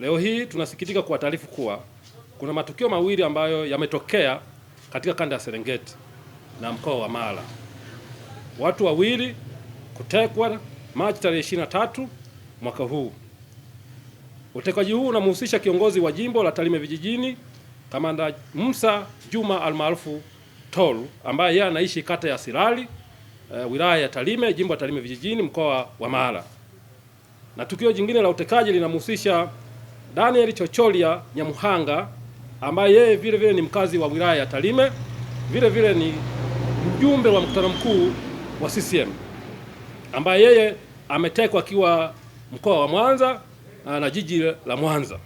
Leo hii tunasikitika kuwataarifu kuwa kuna matukio mawili ambayo yametokea katika kanda ya Serengeti na mkoa wa Mara. Watu wawili kutekwa Machi tarehe 23 mwaka huu. Utekaji huu unamhusisha kiongozi wa jimbo la Tarime vijijini Kamanda Musa Juma almaarufu Tolu ambaye yeye anaishi kata ya Sirali e, eh, wilaya ya Tarime, jimbo la Tarime vijijini, mkoa wa Mara. Na tukio jingine la utekaji linamhusisha Daniel Chocholia Nyamuhanga ambaye yeye vile vile ni mkazi wa wilaya ya Tarime, vile vile ni mjumbe wa mkutano mkuu wa CCM ambaye yeye ametekwa akiwa mkoa wa Mwanza ah, na jiji la Mwanza.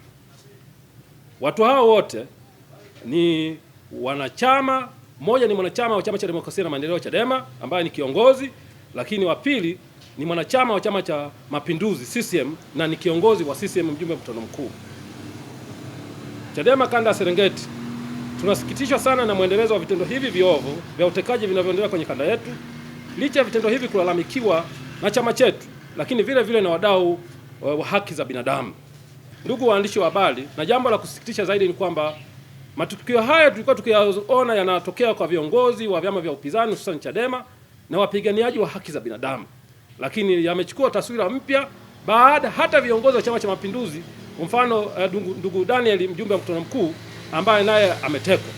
Watu hao wote ni wanachama, mmoja ni mwanachama wa Chama cha Demokrasia na Maendeleo, Chadema, ambaye ni kiongozi, lakini wa pili ni mwanachama wa Chama cha Mapinduzi CCM na ni kiongozi wa CCM mjumbe mkutano mkuu Chadema kanda ya Serengeti. Tunasikitishwa sana na mwendelezo wa vitendo hivi viovu vya utekaji vinavyoendelea kwenye kanda yetu, licha ya vitendo hivi kulalamikiwa na chama chetu, lakini vile vile na wadau eh, wa haki za binadamu. Ndugu waandishi wa habari, na jambo la kusikitisha zaidi ni kwamba matukio haya tulikuwa tukiyaona yanatokea kwa viongozi wa vyama vya upinzani hususan Chadema na wapiganiaji wa haki za binadamu lakini yamechukua taswira mpya baada hata viongozi wa Chama cha Mapinduzi, kwa mfano eh, ndugu uh, Daniel, mjumbe wa mkutano mkuu ambaye naye ametekwa.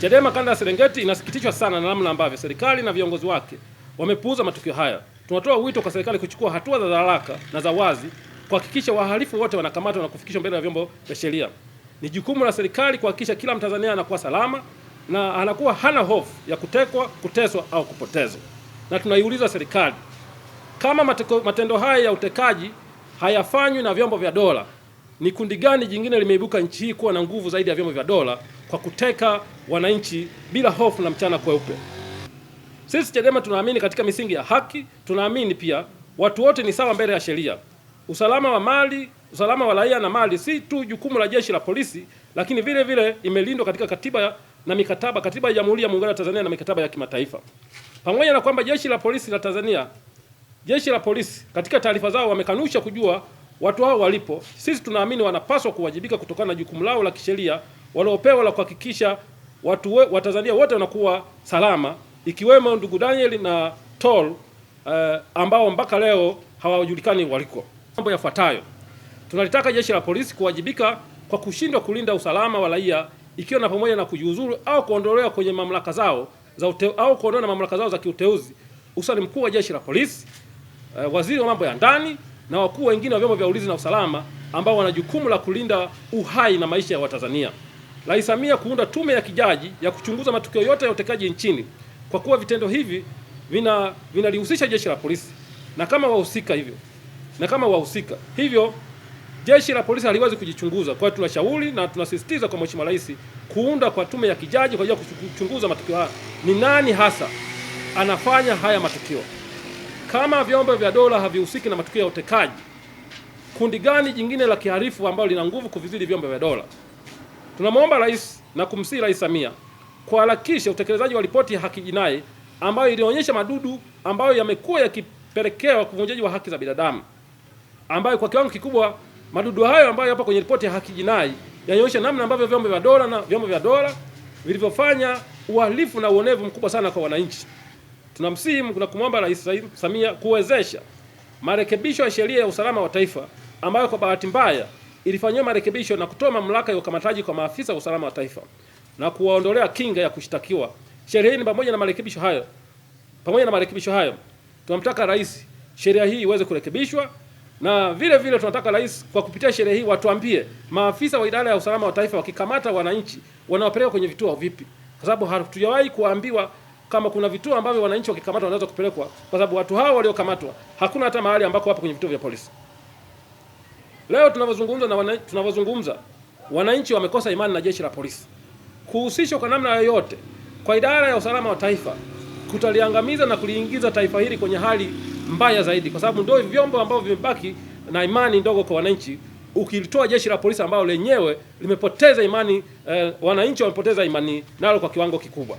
Chadema kanda ya Serengeti inasikitishwa sana na namna ambavyo serikali na viongozi wake wamepuuza matukio haya. Tunatoa wito kwa serikali kuchukua hatua za haraka na za wazi kuhakikisha wahalifu wote wanakamatwa na kufikishwa mbele ya vyombo vya sheria. Ni jukumu la serikali kuhakikisha kila Mtanzania anakuwa salama na anakuwa hana hofu ya kutekwa, kuteswa au kupotezwa. Na tunaiuliza serikali kama mateko, matendo haya ya utekaji hayafanywi na vyombo vya dola, ni kundi gani jingine limeibuka nchi hii kuwa na nguvu zaidi ya vyombo vya dola kwa kuteka wananchi bila hofu na mchana kweupe? Sisi Chadema tunaamini katika misingi ya haki, tunaamini pia watu wote ni sawa mbele ya sheria. Usalama wa mali, usalama wa raia na mali si tu jukumu la jeshi la polisi, lakini vile vile imelindwa katika katiba na mikataba, katiba ya Jamhuri ya Muungano wa Tanzania na mikataba ya kimataifa. Pamoja na kwamba jeshi la polisi la Tanzania Jeshi la polisi katika taarifa zao wamekanusha kujua watu hao walipo. Sisi tunaamini wanapaswa kuwajibika kutokana na jukumu lao la kisheria waliopewa la kuhakikisha watu we, Watanzania wote wanakuwa salama ikiwemo ndugu Daniel na Tol eh, ambao mpaka leo hawajulikani waliko. Mambo yafuatayo: tunalitaka jeshi la polisi kuwajibika kwa kushindwa kulinda usalama wa raia ikiwa na pamoja na kujiuzuru au kuondolewa kwenye mamlaka zao za ute, au kuondolewa na mamlaka zao za kiuteuzi. Usani mkuu wa jeshi la polisi uh, waziri wa mambo ya ndani na wakuu wengine wa vyombo vya ulinzi na usalama ambao wana jukumu la kulinda uhai na maisha ya Watanzania. Rais Samia kuunda tume ya kijaji ya kuchunguza matukio yote ya utekaji nchini, kwa kuwa vitendo hivi vina vinalihusisha jeshi la polisi na kama wahusika hivyo na kama wahusika hivyo jeshi la polisi haliwezi kujichunguza. Kwa hiyo tunashauri na tunasisitiza kwa Mheshimiwa Rais kuunda kwa tume ya kijaji kwa ajili ya kuchunguza matukio haya, ni nani hasa anafanya haya matukio. Kama vyombo vya dola havihusiki na matukio ya utekaji, kundi gani jingine la kihalifu ambalo lina nguvu kuvizidi vyombo vya dola? Tunamwomba rais na kumsihi Rais Samia kuharakisha utekelezaji wa ripoti ya haki jinai ambayo ilionyesha madudu ambayo yamekuwa yakipelekewa kuvunjaji wa haki za binadamu, ambayo kwa kiwango kikubwa madudu hayo ambayo yapo kwenye ripoti ya haki jinai yanaonyesha namna ambavyo vyombo vya dola na vyombo vya dola vilivyofanya uhalifu na uonevu mkubwa sana kwa wananchi tunamsihi na kumwomba Rais Samia kuwezesha marekebisho ya sheria ya usalama wa taifa ambayo kwa bahati mbaya ilifanyiwa marekebisho na kutoa mamlaka ya ukamataji kwa maafisa wa usalama wa taifa na kuwaondolea kinga ya kushtakiwa. Sheria hii pamoja na marekebisho hayo, pamoja na marekebisho hayo, tunamtaka rais sheria hii iweze kurekebishwa, na vile vile tunataka rais kwa kupitia sheria hii watuambie maafisa wa idara ya usalama wa taifa wakikamata wananchi wanaopeleka kwenye vituo vipi, kwa sababu hatujawahi kuambiwa kama kuna vituo ambavyo wananchi wakikamatwa wanaweza kupelekwa, kwa sababu watu hao waliokamatwa hakuna hata mahali ambako wapo kwenye vituo vya polisi. Leo tunavyozungumza na wana, tunavyozungumza wananchi wamekosa imani na jeshi la polisi. Kuhusishwa kwa namna yoyote kwa idara ya usalama wa taifa kutaliangamiza na kuliingiza taifa hili kwenye hali mbaya zaidi, kwa sababu ndio vyombo ambavyo vimebaki na imani ndogo kwa wananchi, ukilitoa jeshi la polisi ambalo lenyewe limepoteza imani eh, wananchi wamepoteza imani nalo kwa kiwango kikubwa.